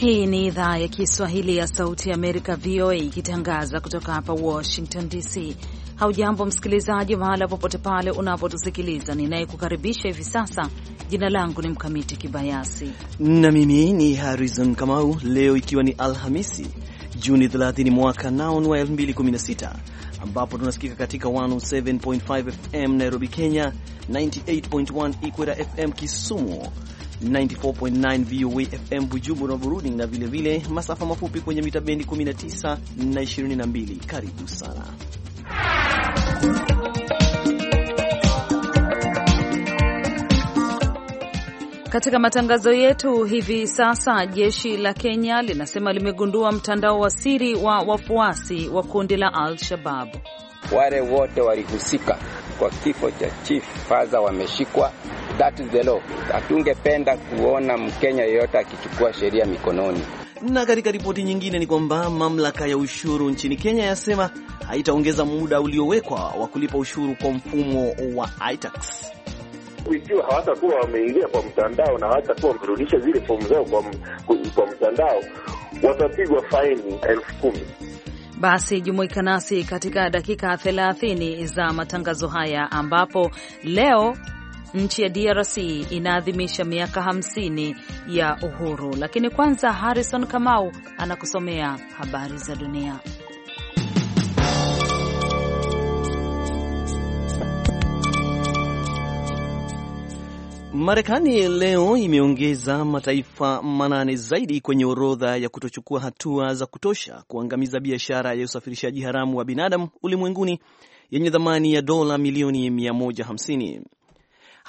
Hii ni idhaa ya Kiswahili ya Sauti ya Amerika, VOA, ikitangaza kutoka hapa Washington DC. Haujambo msikilizaji, mahala popote pale unapotusikiliza. Ninayekukaribisha hivi sasa, jina langu ni Mkamiti Kibayasi na mimi ni Harrison Kamau. Leo ikiwa ni Alhamisi, Juni 30 mwaka naon wa 2016 ambapo tunasikika katika 107.5 FM Nairobi, Kenya, 98.1 Ikweta FM Kisumu 94.9 VOA FM Bujumbura, Burundi na vilevile vile, masafa mafupi kwenye mita bendi 19 na 22. Karibu sana. Katika matangazo yetu hivi sasa, jeshi la Kenya linasema limegundua mtandao wa siri wa wafuasi wa kundi la Al-Shabab. Wale wote walihusika kwa kifo cha Chief Faza wameshikwa that is the law. Hatungependa kuona Mkenya yeyote akichukua sheria mikononi. Na katika ripoti nyingine ni kwamba mamlaka ya ushuru nchini Kenya yasema haitaongeza muda uliowekwa wa kulipa ushuru kwa mfumo wa iTax ikiwa hawatakuwa wameingia kwa mtandao na hawatakuwa wamerudisha zile fomu zao kwa, kwa mtandao watapigwa faini elfu kumi. Basi jumuika nasi katika dakika 30 za matangazo haya ambapo leo Nchi ya DRC inaadhimisha miaka 50 ya uhuru, lakini kwanza Harrison Kamau anakusomea habari za dunia. Marekani leo imeongeza mataifa manane zaidi kwenye orodha ya kutochukua hatua za kutosha kuangamiza biashara ya usafirishaji haramu wa binadamu ulimwenguni yenye thamani ya dola milioni 150.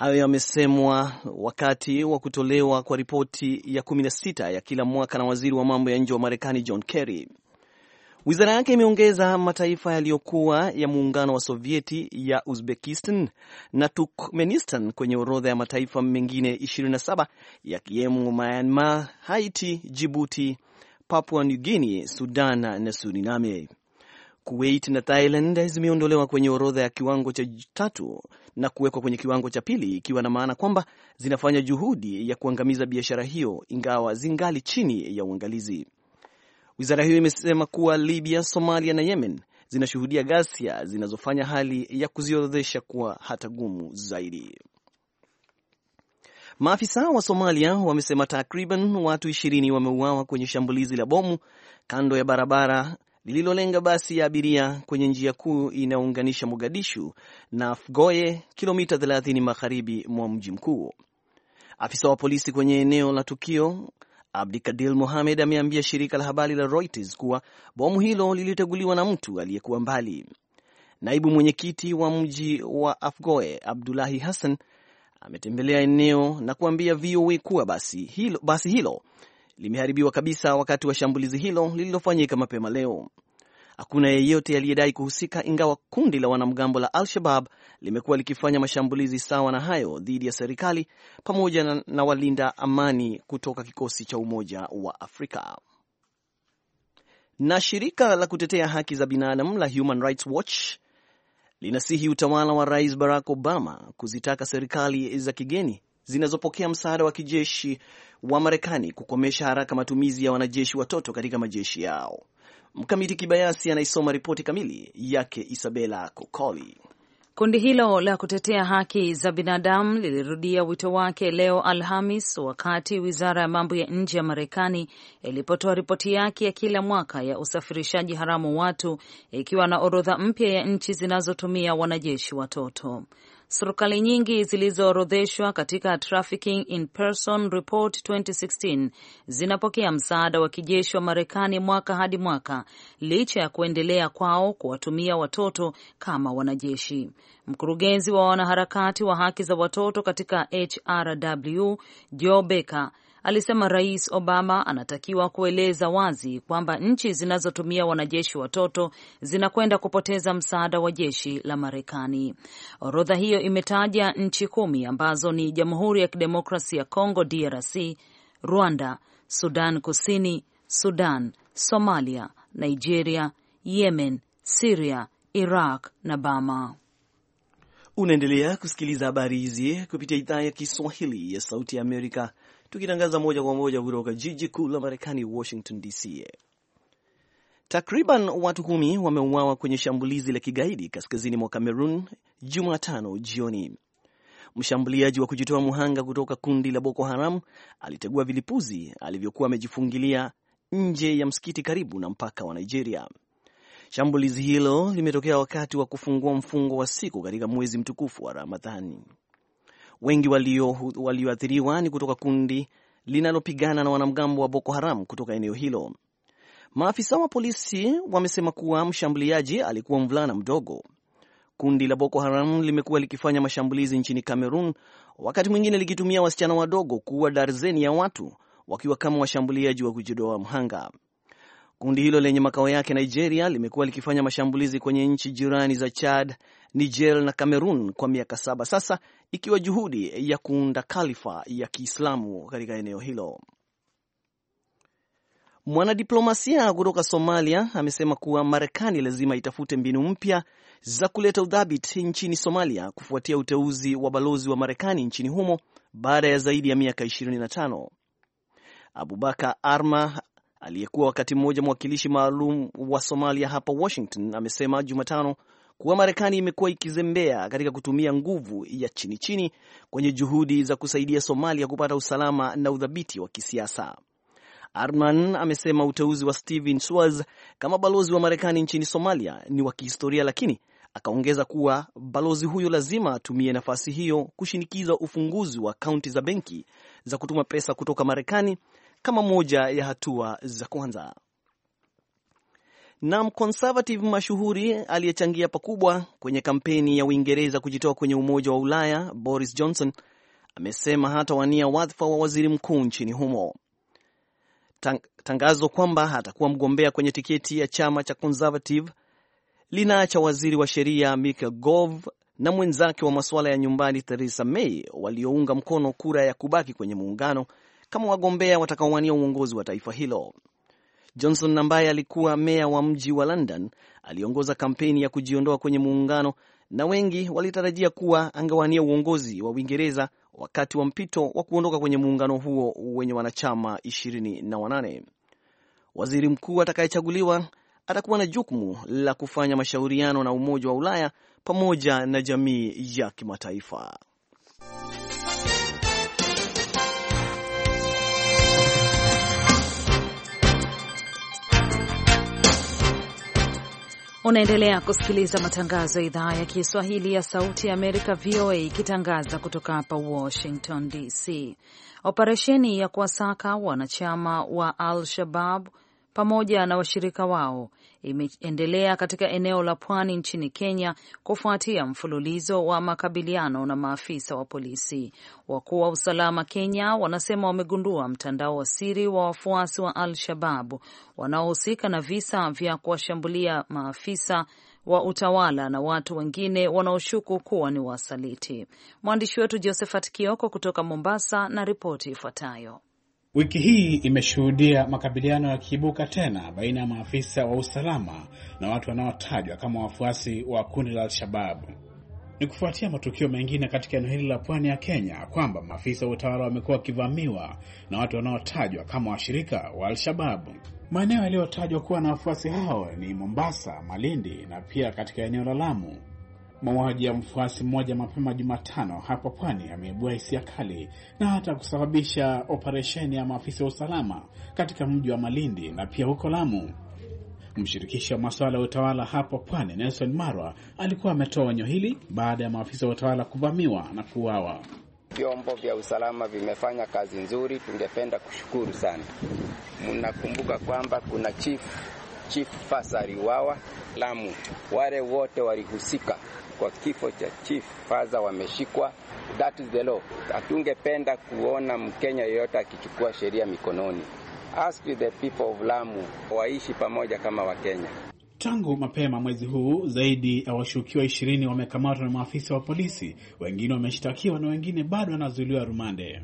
Hayo yamesemwa wakati wa kutolewa kwa ripoti ya 16 ya kila mwaka na waziri wa mambo ya nje wa Marekani John Kerry. Wizara yake imeongeza mataifa yaliyokuwa ya muungano wa Sovieti ya Uzbekistan na Turkmenistan kwenye orodha ya mataifa mengine 27 yakiwemo Myanmar, Haiti, Jibuti, Papua New Guinea, Sudan na Suriname. Kuwait na Thailand zimeondolewa kwenye orodha ya kiwango cha tatu na kuwekwa kwenye kiwango cha pili, ikiwa na maana kwamba zinafanya juhudi ya kuangamiza biashara hiyo, ingawa zingali chini ya uangalizi. Wizara hiyo imesema kuwa Libya, Somalia na Yemen zinashuhudia ghasia zinazofanya hali ya kuziorodhesha kuwa hata gumu zaidi. Maafisa wa Somalia wamesema takriban watu ishirini wameuawa kwenye shambulizi la bomu kando ya barabara lililolenga basi ya abiria kwenye njia kuu inayounganisha Mogadishu na Fgoye, kilomita 30 magharibi mwa mji mkuu. Afisa wa polisi kwenye eneo la tukio Abdikadil Mohamed ameambia shirika la habari la Reuters kuwa bomu hilo liliteguliwa na mtu aliyekuwa mbali. Naibu mwenyekiti wa mji wa Afgoe Abdulahi Hassan ametembelea eneo na kuambia VOA kuwa basi hilo, basi hilo limeharibiwa kabisa wakati wa shambulizi hilo lililofanyika mapema leo. Hakuna yeyote aliyedai kuhusika, ingawa kundi la wanamgambo la Al-Shabab limekuwa likifanya mashambulizi sawa na hayo dhidi ya serikali pamoja na, na walinda amani kutoka kikosi cha Umoja wa Afrika. Na shirika la kutetea haki za binadamu la Human Rights Watch linasihi utawala wa Rais Barack Obama kuzitaka serikali za kigeni zinazopokea msaada wa kijeshi wa Marekani kukomesha haraka matumizi ya wanajeshi watoto katika majeshi yao. Mkamiti Kibayasi anaisoma ripoti kamili yake Isabela Kokoli. Kundi hilo la kutetea haki za binadamu lilirudia wito wake leo Alhamis, wakati wizara ya mambo ya nje ya Marekani ilipotoa ripoti yake ya kila mwaka ya usafirishaji haramu watu, ikiwa na orodha mpya ya nchi zinazotumia wanajeshi watoto. Serikali nyingi zilizoorodheshwa katika Trafficking in Person Report 2016 zinapokea msaada wa kijeshi wa Marekani mwaka hadi mwaka licha ya kuendelea kwao kuwatumia watoto kama wanajeshi. Mkurugenzi wa wanaharakati wa haki za watoto katika HRW Joe Becker alisema Rais Obama anatakiwa kueleza wazi kwamba nchi zinazotumia wanajeshi watoto zinakwenda kupoteza msaada wa jeshi la Marekani. Orodha hiyo imetaja nchi kumi ambazo ni Jamhuri ya kidemokrasi ya Kongo DRC, Rwanda, Sudan Kusini, Sudan, Somalia, Nigeria, Yemen, Siria, Iraq na Bama. Unaendelea kusikiliza habari hizi kupitia idhaa ya Kiswahili ya Sauti ya Amerika tukitangaza moja kwa moja kutoka jiji kuu la Marekani, Washington DC. Takriban watu kumi wameuawa kwenye shambulizi la kigaidi kaskazini mwa Cameroon Jumatano jioni. Mshambuliaji wa kujitoa muhanga kutoka kundi la Boko Haram alitegua vilipuzi alivyokuwa amejifungilia nje ya msikiti karibu na mpaka wa Nigeria. Shambulizi hilo limetokea wakati wa kufungua mfungo wa siku katika mwezi mtukufu wa Ramadhani. Wengi walioathiriwa walio ni kutoka kundi linalopigana na wanamgambo wa Boko Haram kutoka eneo hilo. Maafisa wa polisi wamesema kuwa mshambuliaji alikuwa mvulana mdogo. Kundi la Boko Haram limekuwa likifanya mashambulizi nchini Cameroon, wakati mwingine likitumia wasichana wadogo kuua darzeni ya watu wakiwa kama washambuliaji wa kujitoa mhanga. Kundi hilo lenye makao yake Nigeria limekuwa likifanya mashambulizi kwenye nchi jirani za Chad, Niger na Cameroon kwa miaka saba sasa, ikiwa juhudi ya kuunda kalifa ya Kiislamu katika eneo hilo. Mwanadiplomasia kutoka Somalia amesema kuwa Marekani lazima itafute mbinu mpya za kuleta udhabit nchini Somalia kufuatia uteuzi wa balozi wa Marekani nchini humo baada ya zaidi ya miaka 25. Abubakar Arma aliyekuwa wakati mmoja mwakilishi maalum wa Somalia hapa Washington, amesema Jumatano kuwa Marekani imekuwa ikizembea katika kutumia nguvu ya chini chini kwenye juhudi za kusaidia Somalia kupata usalama na udhabiti wa kisiasa. Arman amesema uteuzi wa Steven swaz kama balozi wa Marekani nchini Somalia ni wa kihistoria, lakini akaongeza kuwa balozi huyo lazima atumie nafasi hiyo kushinikiza ufunguzi wa kaunti za benki za kutuma pesa kutoka Marekani kama moja ya hatua za kwanza. Na mconservative mashuhuri aliyechangia pakubwa kwenye kampeni ya Uingereza kujitoa kwenye Umoja wa Ulaya, Boris Johnson amesema hatawania wadhifa wa waziri mkuu nchini humo. Tangazo kwamba atakuwa mgombea kwenye tiketi ya chama cha Conservative linaacha waziri wa sheria Michael Gove na mwenzake wa masuala ya nyumbani Theresa May waliounga mkono kura ya kubaki kwenye muungano kama wagombea watakaowania uongozi wa taifa hilo. Johnson ambaye alikuwa meya wa mji wa London aliongoza kampeni ya kujiondoa kwenye muungano na wengi walitarajia kuwa angewania uongozi wa Uingereza wakati wa mpito wa kuondoka kwenye muungano huo wenye wanachama 28. Waziri mkuu atakayechaguliwa atakuwa na jukumu la kufanya mashauriano na Umoja wa Ulaya pamoja na jamii ya kimataifa. Unaendelea kusikiliza matangazo ya idhaa ya Kiswahili ya Sauti ya Amerika, VOA, ikitangaza kutoka hapa Washington DC. Operesheni ya kuwasaka wanachama wa Al Shabab pamoja na washirika wao imeendelea katika eneo la pwani nchini Kenya kufuatia mfululizo wa makabiliano na maafisa wa polisi. Wakuu wa usalama Kenya wanasema wamegundua mtandao wa siri wa wafuasi wa Al-Shababu wanaohusika na visa vya kuwashambulia maafisa wa utawala na watu wengine wanaoshuku kuwa ni wasaliti. Mwandishi wetu Josephat Kioko kutoka Mombasa na ripoti ifuatayo. Wiki hii imeshuhudia makabiliano yakiibuka tena baina ya maafisa wa usalama na watu wanaotajwa kama wafuasi wa kundi la Al-Shabaab. Ni kufuatia matukio mengine katika eneo hili la pwani ya Kenya kwamba maafisa wa utawala wamekuwa wakivamiwa na watu wanaotajwa kama washirika wa Al-Shabaab. Maeneo yaliyotajwa kuwa na wafuasi hao ni Mombasa, Malindi na pia katika eneo la Lamu. Mauaji ya mfuasi mmoja mapema Jumatano hapa pwani yameibua hisia kali na hata kusababisha operesheni ya maafisa wa usalama katika mji wa Malindi na pia huko Lamu. mshirikishi wa masuala ya utawala hapo pwani Nelson Marwa alikuwa ametoa onyo hili baada ya maafisa wa utawala kuvamiwa na kuuawa. Vyombo vya usalama vimefanya kazi nzuri, tungependa kushukuru sana. Mnakumbuka kwamba kuna chifu Chief Faza Liwawa Lamu. Wale wote walihusika kwa kifo cha Chief Faza wameshikwa. That is the law. Hatungependa kuona Mkenya yeyote akichukua sheria mikononi. Ask the people of Lamu waishi pamoja kama Wakenya. Tangu mapema mwezi huu zaidi ya washukiwa ishirini wamekamatwa na maafisa wa polisi, wengine wameshtakiwa na wengine bado wanazuiliwa rumande.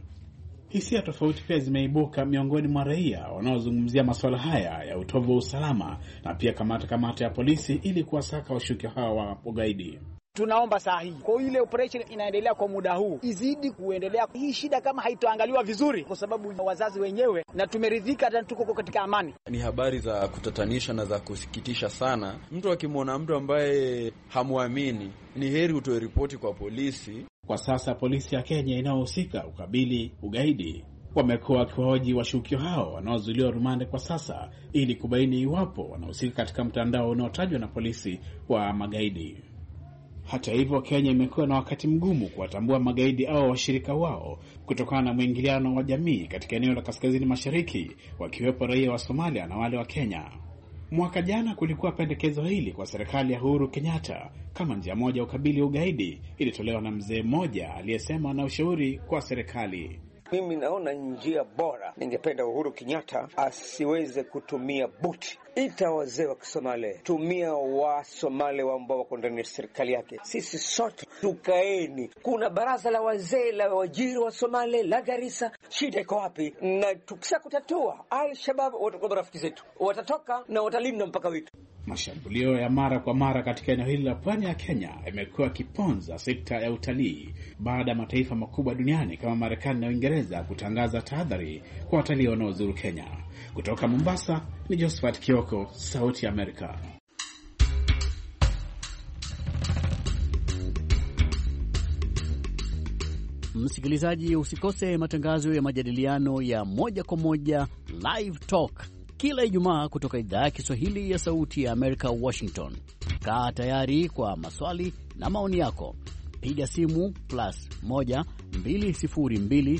Hisia tofauti pia zimeibuka miongoni mwa raia wanaozungumzia masuala haya ya utovu wa usalama na pia kamata kamata ya polisi ili kuwasaka washukiwa hawa wa ugaidi tunaomba saa hii. Kwa ile operation inaendelea kwa muda huu izidi kuendelea. Hii shida kama haitoangaliwa vizuri, kwa sababu wazazi wenyewe na tumeridhika, hata tuko katika amani. Ni habari za kutatanisha na za kusikitisha sana. Mtu akimwona mtu ambaye hamwamini, ni heri utoe ripoti kwa polisi. Kwa sasa polisi ya Kenya inayohusika ukabili ugaidi wamekuwa wakiwahoji washukio hao wanaozuiliwa rumande kwa sasa ili kubaini iwapo wanahusika katika mtandao unaotajwa na polisi wa magaidi. Hata hivyo, Kenya imekuwa na wakati mgumu kuwatambua magaidi au washirika wao kutokana na mwingiliano wa jamii katika eneo la kaskazini mashariki, wakiwepo raia wa Somalia na wale wa Kenya. Mwaka jana kulikuwa pendekezo hili kwa serikali ya Uhuru Kenyatta kama njia moja ya ukabili ugaidi, ilitolewa na mzee mmoja aliyesema na ushauri kwa serikali mimi naona njia bora, ningependa Uhuru Kenyatta asiweze kutumia buti ita wazee wa Kisomali, tumia Somale ambao wako ndani ya serikali yake. Sisi sote tukaeni, kuna baraza la wazee la wajiri wa Somali la Garissa. Shida iko wapi? Na tukisha kutatua, Al-Shabab watakuwa marafiki zetu, watatoka na watalinda mpaka wetu. Mashambulio ya mara kwa mara katika eneo hili la pwani ya Kenya yamekuwa kiponza sekta ya utalii baada ya mataifa makubwa duniani kama Marekani na Uingereza kutangaza tahadhari kwa watalii wanaozuru Kenya. Kutoka Mombasa, ni Josephat Kioko, Sauti ya Amerika. Msikilizaji, usikose matangazo ya majadiliano ya moja kwa moja Live Talk kila Ijumaa kutoka idhaa ya Kiswahili ya Sauti ya Amerika, Washington. Kaa tayari kwa maswali na maoni yako, piga simu plus 1 202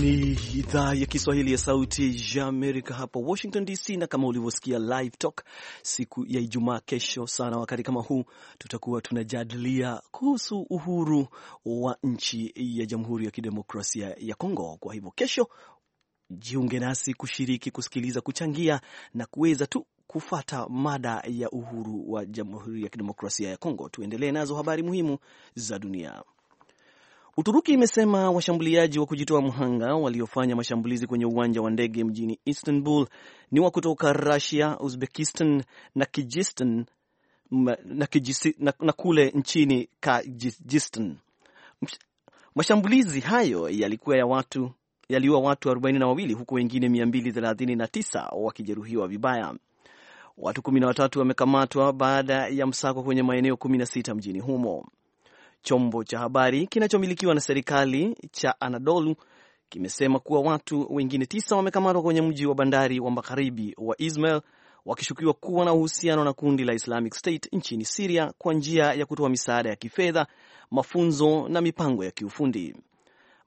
Ni idhaa ya Kiswahili ya Sauti ya Amerika hapa Washington DC, na kama ulivyosikia Live Talk siku ya Ijumaa, kesho sana wakati kama huu, tutakuwa tunajadilia kuhusu uhuru wa nchi ya Jamhuri ya Kidemokrasia ya Kongo. Kwa hivyo, kesho jiunge nasi kushiriki, kusikiliza, kuchangia na kuweza tu kufata mada ya uhuru wa Jamhuri ya Kidemokrasia ya Kongo. Tuendelee nazo habari muhimu za dunia. Uturuki imesema washambuliaji wa kujitoa mhanga waliofanya mashambulizi kwenye uwanja wa ndege mjini Istanbul ni wa kutoka Russia, Uzbekistan na Kijistan, na, kijisi, na, na kule nchini Kajistan. Mashambulizi hayo yalikuwa ya watu yaliua watu 42 huku wengine 239 wakijeruhiwa vibaya. Watu 13 wamekamatwa baada ya msako kwenye maeneo 16 mjini humo. Chombo cha habari kinachomilikiwa na serikali cha Anadolu kimesema kuwa watu wengine tisa wamekamatwa kwenye mji wa bandari wa magharibi wa Ismail wakishukiwa kuwa na uhusiano na kundi la Islamic State nchini Siria kwa njia ya kutoa misaada ya kifedha, mafunzo na mipango ya kiufundi.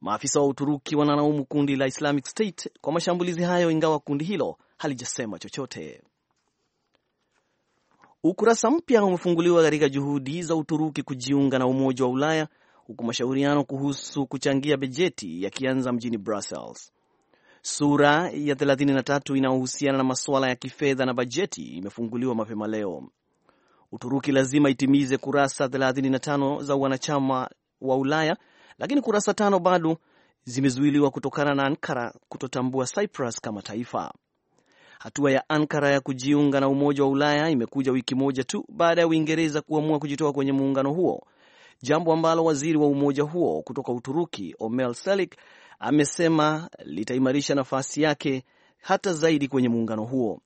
Maafisa wa Uturuki wanalaumu kundi la Islamic State kwa mashambulizi hayo, ingawa kundi hilo halijasema chochote. Ukurasa mpya umefunguliwa katika juhudi za Uturuki kujiunga na Umoja wa Ulaya, huku mashauriano kuhusu kuchangia bajeti yakianza mjini Brussels. Sura ya 33 inayohusiana na masuala ya kifedha na bajeti imefunguliwa mapema leo. Uturuki lazima itimize kurasa 35 za wanachama wa Ulaya, lakini kurasa tano bado zimezuiliwa kutokana na Ankara kutotambua Cyprus kama taifa. Hatua ya Ankara ya kujiunga na Umoja wa Ulaya imekuja wiki moja tu baada ya Uingereza kuamua kujitoa kwenye muungano huo, jambo ambalo waziri wa umoja huo kutoka Uturuki Omel Selik amesema litaimarisha nafasi yake hata zaidi kwenye muungano huo.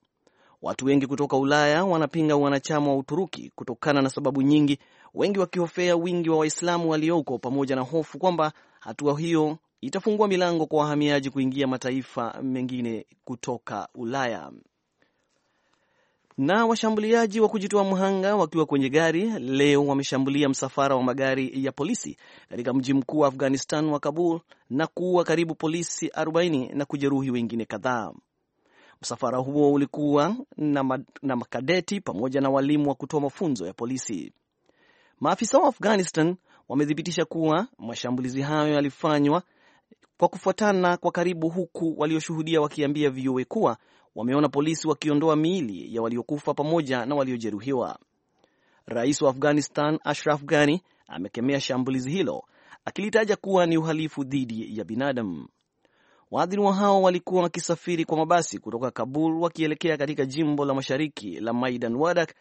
Watu wengi kutoka Ulaya wanapinga wanachama wa Uturuki kutokana na sababu nyingi, wengi wakihofea wingi wa Waislamu walioko pamoja na hofu kwamba hatua hiyo itafungua milango kwa wahamiaji kuingia mataifa mengine kutoka Ulaya. Na washambuliaji wa kujitoa mhanga wakiwa kwenye gari leo wameshambulia msafara wa magari ya polisi katika mji mkuu wa Afghanistan wa Kabul na kuua karibu polisi 40 na kujeruhi wengine kadhaa. Msafara huo ulikuwa na, na makadeti pamoja na walimu wa kutoa mafunzo ya polisi. Maafisa wa Afghanistan wamethibitisha kuwa mashambulizi hayo yalifanywa kwa kufuatana kwa karibu, huku walioshuhudia wakiambia VOA kuwa wameona polisi wakiondoa miili ya waliokufa pamoja na waliojeruhiwa. Rais wa Afghanistan Ashraf Ghani amekemea shambulizi hilo akilitaja kuwa ni uhalifu dhidi ya binadamu. Waadhiriwa hao walikuwa wakisafiri kwa mabasi kutoka Kabul wakielekea katika jimbo la mashariki la Maidan Wadak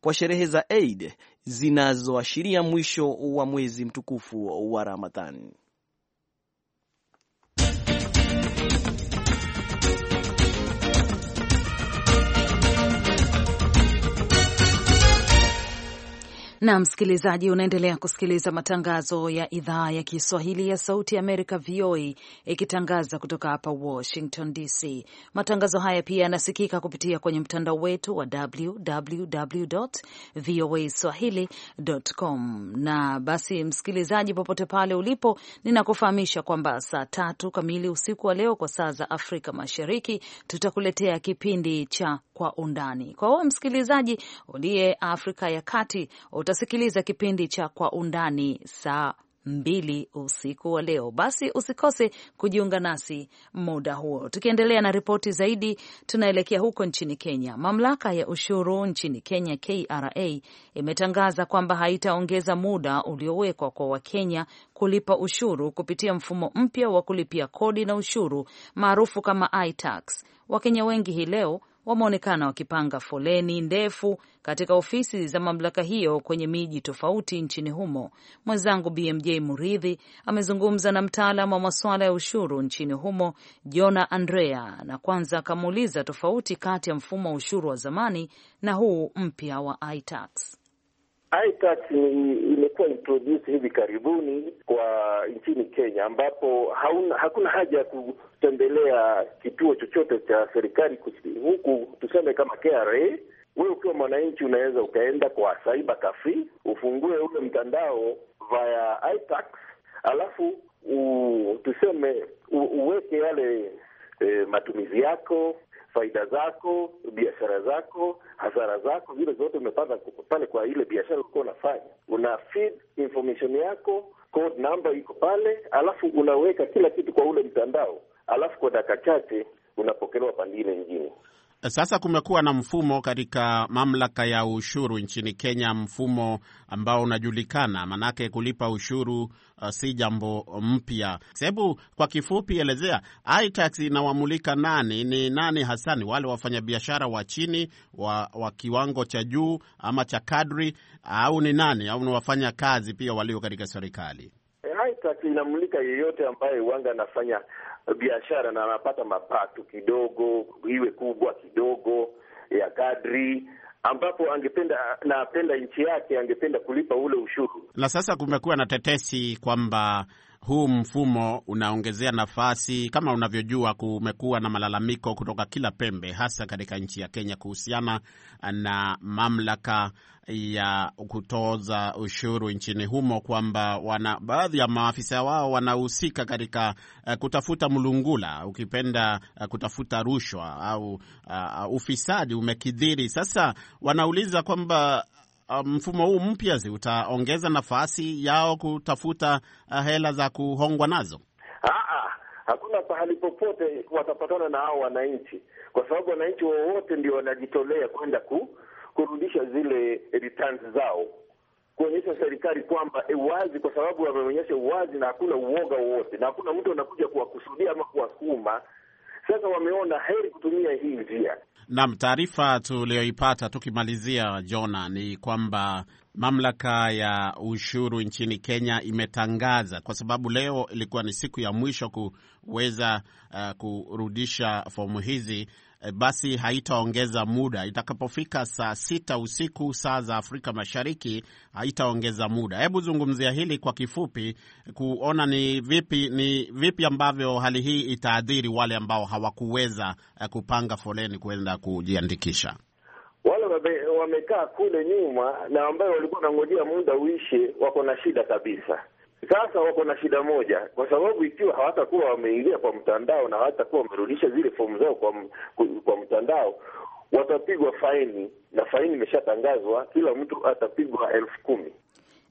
kwa sherehe za Eid zinazoashiria mwisho wa mwezi mtukufu wa Ramadhan. na msikilizaji, unaendelea kusikiliza matangazo ya idhaa ya Kiswahili ya Sauti ya Amerika, VOA, ikitangaza kutoka hapa Washington DC. Matangazo haya pia yanasikika kupitia kwenye mtandao wetu wa www voa swahili.com. Na basi, msikilizaji, popote pale ulipo, ninakufahamisha kwamba saa tatu kamili usiku wa leo kwa saa za Afrika Mashariki tutakuletea kipindi cha kwa undani. Kwa wewe msikilizaji uliye Afrika ya Kati, utasikiliza kipindi cha kwa undani saa mbili usiku wa leo. Basi usikose kujiunga nasi muda huo. Tukiendelea na ripoti zaidi, tunaelekea huko nchini Kenya. Mamlaka ya ushuru nchini Kenya, KRA, imetangaza kwamba haitaongeza muda uliowekwa kwa Wakenya kulipa ushuru kupitia mfumo mpya wa kulipia kodi na ushuru maarufu kama iTax. Wakenya wengi hii leo wameonekana wakipanga foleni ndefu katika ofisi za mamlaka hiyo kwenye miji tofauti nchini humo. Mwenzangu BMJ Muridhi amezungumza na mtaalam wa masuala ya ushuru nchini humo Jona Andrea, na kwanza akamuuliza tofauti kati ya mfumo wa ushuru wa zamani na huu mpya wa iTax. iTax ni imekuwa introduce hivi karibuni kwa nchini Kenya, ambapo hauna, hakuna haja ya kutembelea kituo chochote cha serikali huku, tuseme kama KRA. Wewe ukiwa mwananchi unaweza ukaenda kwa cyber cafe, ufungue ule mtandao via iTax, alafu u, tuseme u, uweke yale e, matumizi yako faida zako, biashara zako, hasara zako, vile zote umepata pale kwa ile biashara ulikuwa unafanya. Una feed information yako, code number iko pale, alafu unaweka kila kitu kwa ule mtandao, alafu kwa dakika chache unapokelewa pandile nyingine. Sasa kumekuwa na mfumo katika mamlaka ya ushuru nchini Kenya, mfumo ambao unajulikana, manake kulipa ushuru uh, si jambo mpya. Hebu kwa kifupi elezea iTax inawamulika nani? Ni nani hasa? Ni wale wafanyabiashara wa chini wa, wa kiwango cha juu ama cha kadri, au ni nani? Au ni wafanya kazi pia walio katika serikali? contract inamulika yeyote ambaye wanga anafanya biashara na anapata mapato kidogo, iwe kubwa kidogo ya kadri ambapo angependa na apenda nchi yake, angependa kulipa ule ushuru. Na sasa kumekuwa na tetesi kwamba huu mfumo unaongezea nafasi. Kama unavyojua, kumekuwa na malalamiko kutoka kila pembe, hasa katika nchi ya Kenya kuhusiana na mamlaka ya kutoza ushuru nchini humo kwamba wana baadhi ya maafisa wao wanahusika katika uh, kutafuta mlungula, ukipenda uh, kutafuta rushwa au uh, uh, ufisadi umekidhiri. Sasa wanauliza kwamba Um, mfumo huu mpya utaongeza nafasi yao kutafuta uh, hela za kuhongwa nazo? Aa, ah, ah, hakuna pahali popote watapatana na hao wananchi, kwa sababu wananchi wowote ndio wanajitolea kwenda ku, kurudisha zile returns zao kuonyesha serikali kwamba uwazi, eh, kwa sababu wameonyesha uwazi na hakuna uoga wowote, na hakuna mtu anakuja kuwakusudia ama kuwasukuma sasa wameona heri kutumia hii njia. Naam, taarifa tuliyoipata tukimalizia, Jona, ni kwamba mamlaka ya ushuru nchini Kenya imetangaza, kwa sababu leo ilikuwa ni siku ya mwisho kuweza uh, kurudisha fomu hizi Eh, basi haitaongeza muda. Itakapofika saa sita usiku saa za Afrika Mashariki haitaongeza muda. Hebu zungumzia hili kwa kifupi, kuona ni vipi, ni vipi ambavyo hali hii itaadhiri wale ambao hawakuweza eh, kupanga foleni kuenda kujiandikisha, wale wamekaa kule nyuma na ambayo walikuwa wanangojea muda uishe, wako na shida kabisa. Sasa wako na shida moja, kwa sababu ikiwa hawatakuwa wameingia kwa mtandao na hawatakuwa wamerudisha zile fomu zao kwa, kwa mtandao watapigwa faini, na faini imeshatangazwa, kila mtu atapigwa elfu kumi.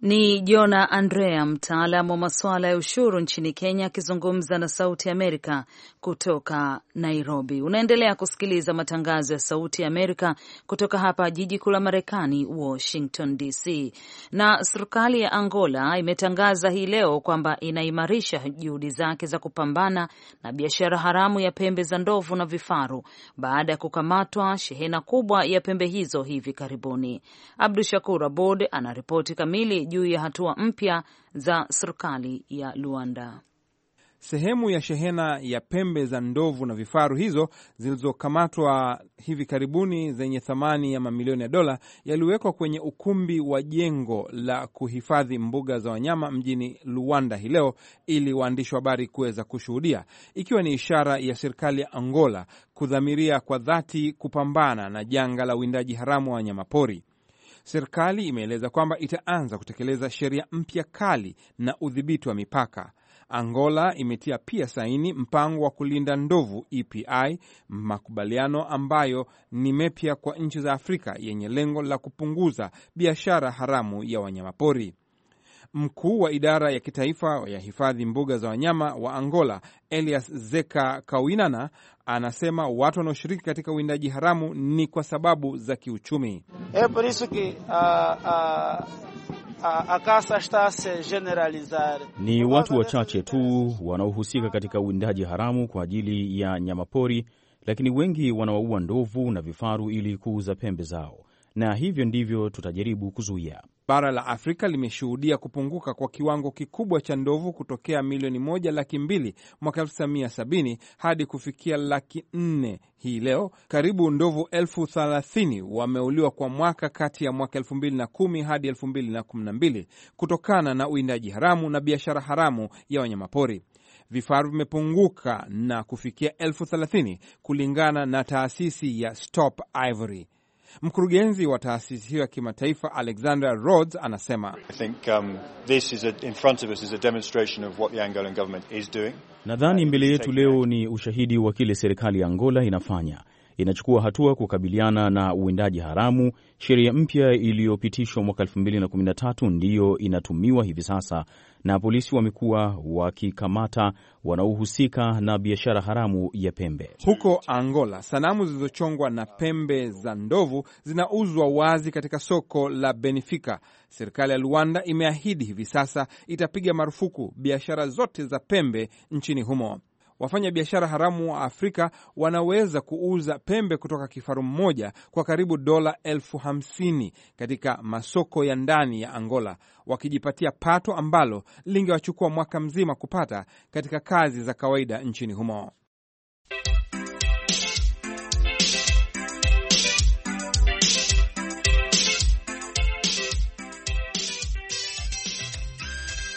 Ni Jona Andrea, mtaalamu wa masuala ya ushuru nchini Kenya, akizungumza na Sauti Amerika kutoka Nairobi. Unaendelea kusikiliza matangazo ya Sauti Amerika kutoka hapa jiji kuu la Marekani, Washington DC. Na serikali ya Angola imetangaza hii leo kwamba inaimarisha juhudi zake za kupambana na biashara haramu ya pembe za ndovu na vifaru baada ya kukamatwa shehena kubwa ya pembe hizo hivi karibuni. Abdu Shakur Abod anaripoti kamili juu ya hatua mpya za serikali ya Luanda. Sehemu ya shehena ya pembe za ndovu na vifaru hizo zilizokamatwa hivi karibuni zenye thamani ya mamilioni ya dola yaliwekwa kwenye ukumbi wa jengo la kuhifadhi mbuga za wanyama mjini Luanda hii leo ili waandishi wa habari kuweza kushuhudia, ikiwa ni ishara ya serikali ya Angola kudhamiria kwa dhati kupambana na janga la uwindaji haramu wa wanyamapori. Serikali imeeleza kwamba itaanza kutekeleza sheria mpya kali na udhibiti wa mipaka. Angola imetia pia saini mpango wa kulinda ndovu EPI, makubaliano ambayo ni mepya kwa nchi za Afrika yenye lengo la kupunguza biashara haramu ya wanyamapori. Mkuu wa idara ya kitaifa ya hifadhi mbuga za wanyama wa Angola, Elias Zeka Kawinana, anasema watu wanaoshiriki katika uwindaji haramu ni kwa sababu za kiuchumi. Eh, ah, ah, ah, a, a, Ni watu wachache tu wanaohusika katika uwindaji haramu kwa ajili ya nyamapori, lakini wengi wanawaua ndovu na vifaru ili kuuza pembe zao na hivyo ndivyo tutajaribu kuzuia. Bara la Afrika limeshuhudia kupunguka kwa kiwango kikubwa cha ndovu kutokea milioni moja laki mbili mwaka sabini hadi kufikia laki nne hii leo. Karibu ndovu elfu thalathini wameuliwa kwa mwaka kati ya mwaka kumi hadi mbili kutokana na uwindaji haramu na biashara haramu ya wanyamapori. Vifaru vimepunguka na kufikia elfu thelathini kulingana na taasisi ya Stop Ivory. Mkurugenzi wa taasisi hiyo ya kimataifa Alexandra Rhodes anasema um, nadhani mbele yetu leo ni ushahidi wa kile serikali ya Angola inafanya inachukua hatua kukabiliana na uwindaji haramu. Sheria mpya iliyopitishwa mwaka 2013 ndiyo inatumiwa hivi sasa, na polisi wamekuwa wakikamata wanaohusika na biashara haramu ya pembe. Huko Angola, sanamu zilizochongwa na pembe za ndovu zinauzwa wazi katika soko la Benfica. Serikali ya Luanda imeahidi hivi sasa itapiga marufuku biashara zote za pembe nchini humo. Wafanya biashara haramu wa Afrika wanaweza kuuza pembe kutoka kifaru mmoja kwa karibu dola elfu hamsini katika masoko ya ndani ya Angola, wakijipatia pato ambalo lingewachukua mwaka mzima kupata katika kazi za kawaida nchini humo.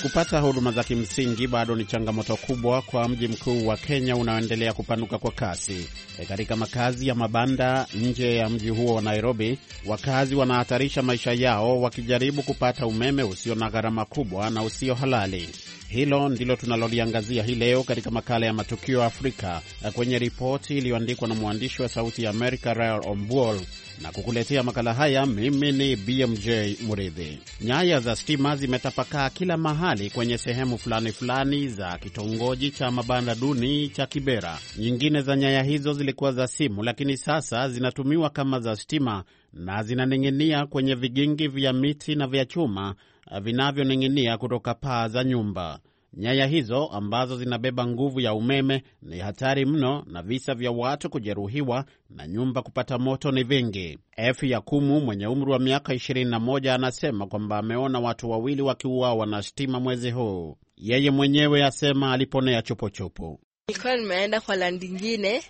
Kupata huduma za kimsingi bado ni changamoto kubwa kwa mji mkuu wa Kenya unaoendelea kupanuka kwa kasi. E, katika makazi ya mabanda nje ya mji huo wa Nairobi, wakazi wanahatarisha maisha yao wakijaribu kupata umeme usio na gharama kubwa na usio halali. Hilo ndilo tunaloliangazia hii leo katika makala ya Matukio Afrika, e, kwenye ripoti iliyoandikwa na mwandishi wa Sauti ya Amerika Rael Ombol na kukuletea makala haya. Mimi ni BMJ Muridhi. Nyaya za stima zimetapakaa kila mahali kwenye sehemu fulani fulani za kitongoji cha mabanda duni cha Kibera. Nyingine za nyaya hizo zilikuwa za simu, lakini sasa zinatumiwa kama za stima na zinaning'inia kwenye vigingi vya miti na vya chuma eh, vinavyoning'inia kutoka paa za nyumba. Nyaya hizo ambazo zinabeba nguvu ya umeme ni hatari mno, na visa vya watu kujeruhiwa na nyumba kupata moto ni vingi. F Yakumu mwenye umri wa miaka 21 anasema kwamba ameona watu wawili wakiuawa na stima mwezi huu. Yeye mwenyewe asema aliponea chupuchupu Nilikuwa nimeenda kwa landi ingine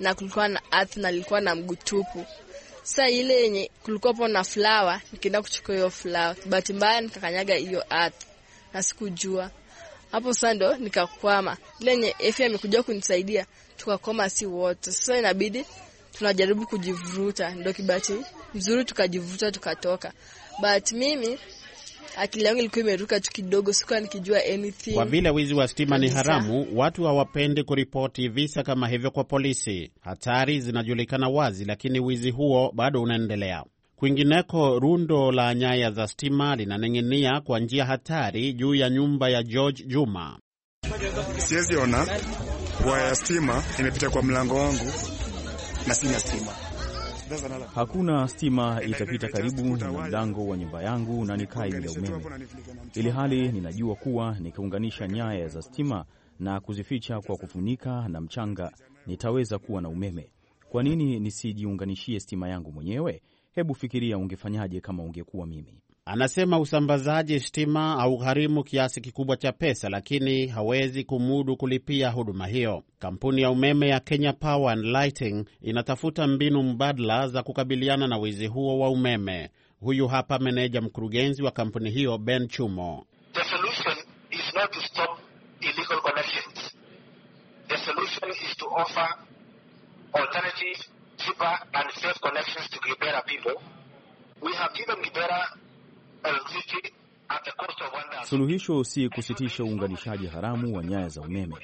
na kulikuwa na ardhi na ilikuwa na mguu tupu. Sasa ile yenye kulikuwapo na flawa, nikienda kuchukua hiyo flawa, bahati mbaya nikakanyaga hiyo ardhi na sikujua hapo sasa ndo nikakwama. lenye Efi amekuja kunisaidia, tukakwama si wote. Sasa inabidi tunajaribu kujivuruta, ndo kibati mzuri tukajivuruta tukatoka. But mimi akili yangu ilikuwa imeruka tu kidogo, sikuwa nikijua anything. Kwa vile wizi wa stima ni haramu, watu hawapendi kuripoti visa kama hivyo kwa polisi. Hatari zinajulikana wazi, lakini wizi huo bado unaendelea. Kwingineko, rundo la nyaya za stima linaning'inia kwa njia hatari juu ya nyumba ya George Juma. Siwezi ona waya ya stima imepita kwa mlango wangu na sina stima. Hakuna stima itapita karibu na mlango wa nyumba yangu na nikae bila umeme, ili hali ninajua kuwa nikiunganisha nyaya za stima na kuzificha kwa kufunika na mchanga nitaweza kuwa na umeme. Kwa nini nisijiunganishie stima yangu mwenyewe? Hebu fikiria ungefanyaje kama ungekuwa mimi. Anasema usambazaji stima au gharimu kiasi kikubwa cha pesa, lakini hawezi kumudu kulipia huduma hiyo. Kampuni ya umeme ya Kenya Power and Lighting inatafuta mbinu mbadala za kukabiliana na wizi huo wa umeme. Huyu hapa meneja mkurugenzi wa kampuni hiyo Ben Chumo. The solution is not to stop illegal connections. The solution is to offer alternative cheaper and safe connections to Kibera people. We have given Kibera electricity at the cost of one. Suluhisho si kusitisha uunganishaji haramu wa nyaya za umeme.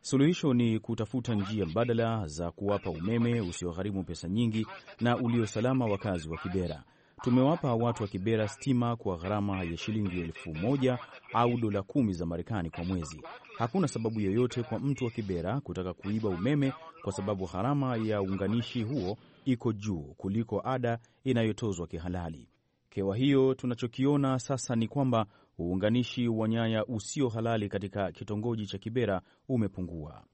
Suluhisho ni kutafuta njia mbadala za kuwapa umeme usiogharimu pesa nyingi na uliosalama wakazi wa Kibera. Tumewapa watu wa Kibera stima kwa gharama ya shilingi elfu moja au dola kumi za Marekani kwa mwezi. Hakuna sababu yoyote kwa mtu wa Kibera kutaka kuiba umeme kwa sababu gharama ya uunganishi huo iko juu kuliko ada inayotozwa kihalali. kewa hiyo tunachokiona sasa ni kwamba uunganishi wa nyaya usio halali katika kitongoji cha Kibera umepungua.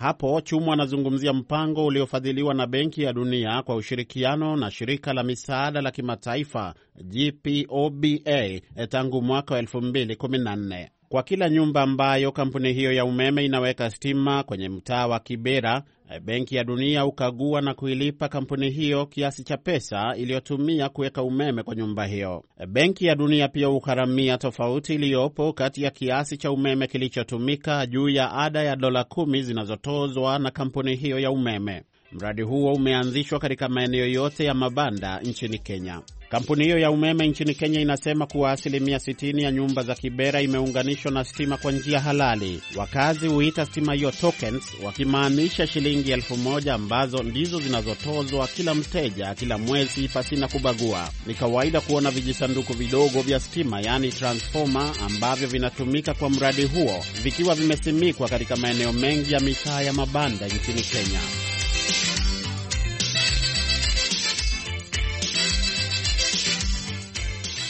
Hapo Chumu anazungumzia mpango uliofadhiliwa na Benki ya Dunia kwa ushirikiano na shirika la misaada la kimataifa GPOBA tangu mwaka wa 2014 kwa kila nyumba ambayo kampuni hiyo ya umeme inaweka stima kwenye mtaa wa Kibera. Eh, Benki ya Dunia hukagua na kuilipa kampuni hiyo kiasi cha pesa iliyotumia kuweka umeme kwa nyumba hiyo. Eh, Benki ya Dunia pia hugharamia tofauti iliyopo kati ya kiasi cha umeme kilichotumika juu ya ada ya dola kumi zinazotozwa na kampuni hiyo ya umeme. Mradi huo umeanzishwa katika maeneo yote ya mabanda nchini Kenya. Kampuni hiyo ya umeme nchini Kenya inasema kuwa asilimia 60 ya nyumba za Kibera imeunganishwa na stima kwa njia halali. Wakazi huita stima hiyo tokens, wakimaanisha shilingi elfu moja ambazo ndizo zinazotozwa kila mteja kila mwezi pasina kubagua. Ni kawaida kuona vijisanduku vidogo vya stima, yaani transfoma, ambavyo vinatumika kwa mradi huo vikiwa vimesimikwa katika maeneo mengi ya mitaa ya mabanda nchini Kenya.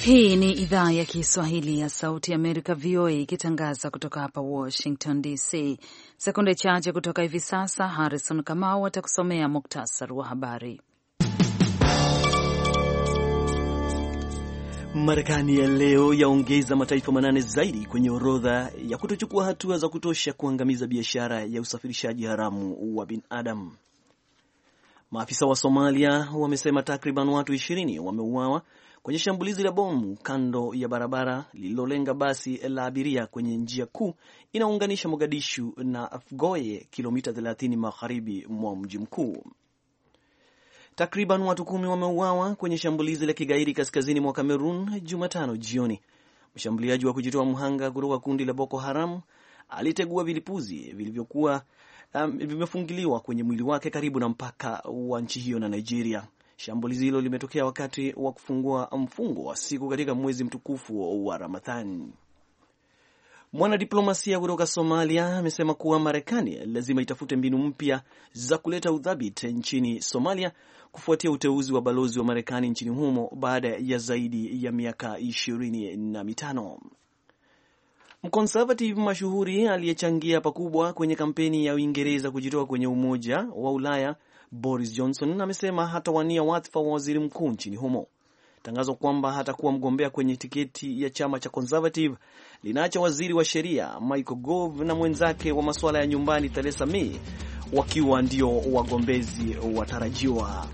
Hii ni idhaa ya Kiswahili ya Sauti ya Amerika, VOA, ikitangaza kutoka hapa Washington DC. Sekunde chache kutoka hivi sasa, Harrison Kamau atakusomea muktasari wa habari. Marekani ya leo yaongeza mataifa manane zaidi kwenye orodha ya kutochukua hatua za kutosha kuangamiza biashara ya usafirishaji haramu wa binadamu. Maafisa wa Somalia wamesema takriban watu 20 wameuawa kwenye shambulizi la bomu kando ya barabara lililolenga basi la abiria kwenye njia kuu inaunganisha Mogadishu na Afgoye, kilomita 30 magharibi mwa mji mkuu. Takriban watu kumi wameuawa kwenye shambulizi la kigaidi kaskazini mwa Kamerun Jumatano jioni. Mshambuliaji wa kujitoa mhanga kutoka kundi la Boko Haram alitegua vilipuzi vilivyokuwa um, vimefungiliwa kwenye mwili wake karibu na mpaka wa nchi hiyo na Nigeria. Shambulizi hilo limetokea wakati wa kufungua mfungo wa siku katika mwezi mtukufu wa Ramadhani. Mwanadiplomasia kutoka Somalia amesema kuwa Marekani lazima itafute mbinu mpya za kuleta udhabit nchini Somalia kufuatia uteuzi wa balozi wa Marekani nchini humo baada ya zaidi ya miaka ishirini na mitano. Mkonservative mashuhuri aliyechangia pakubwa kwenye kampeni ya Uingereza kujitoa kwenye Umoja wa Ulaya Boris Johnson amesema hatawania wadhifa wa waziri mkuu nchini humo. Tangazo kwamba hatakuwa mgombea kwenye tiketi ya chama cha Conservative linaacha waziri wa sheria Michael Gove na mwenzake wa masuala ya nyumbani Theresa May wakiwa ndio wagombezi watarajiwa.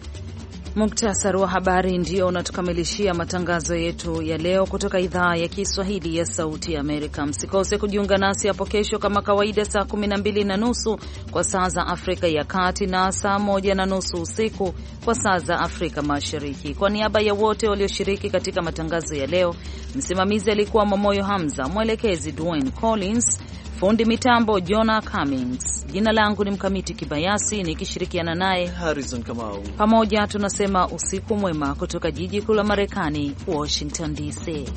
Muktasari wa habari ndio unatukamilishia matangazo yetu ya leo kutoka idhaa ya Kiswahili ya Sauti ya Amerika. Msikose kujiunga nasi hapo kesho kama kawaida, saa 12 na nusu kwa saa za Afrika ya Kati na saa 1 na nusu usiku kwa saa za Afrika Mashariki. Kwa niaba ya wote walioshiriki katika matangazo ya leo, msimamizi alikuwa Mamoyo Hamza, mwelekezi Dwayne Collins Fundi mitambo Jonah Cummings. Jina langu ni Mkamiti Kibayasi nikishirikiana naye Harrison Kamau. Pamoja tunasema usiku mwema kutoka jiji kuu la Marekani, Washington DC.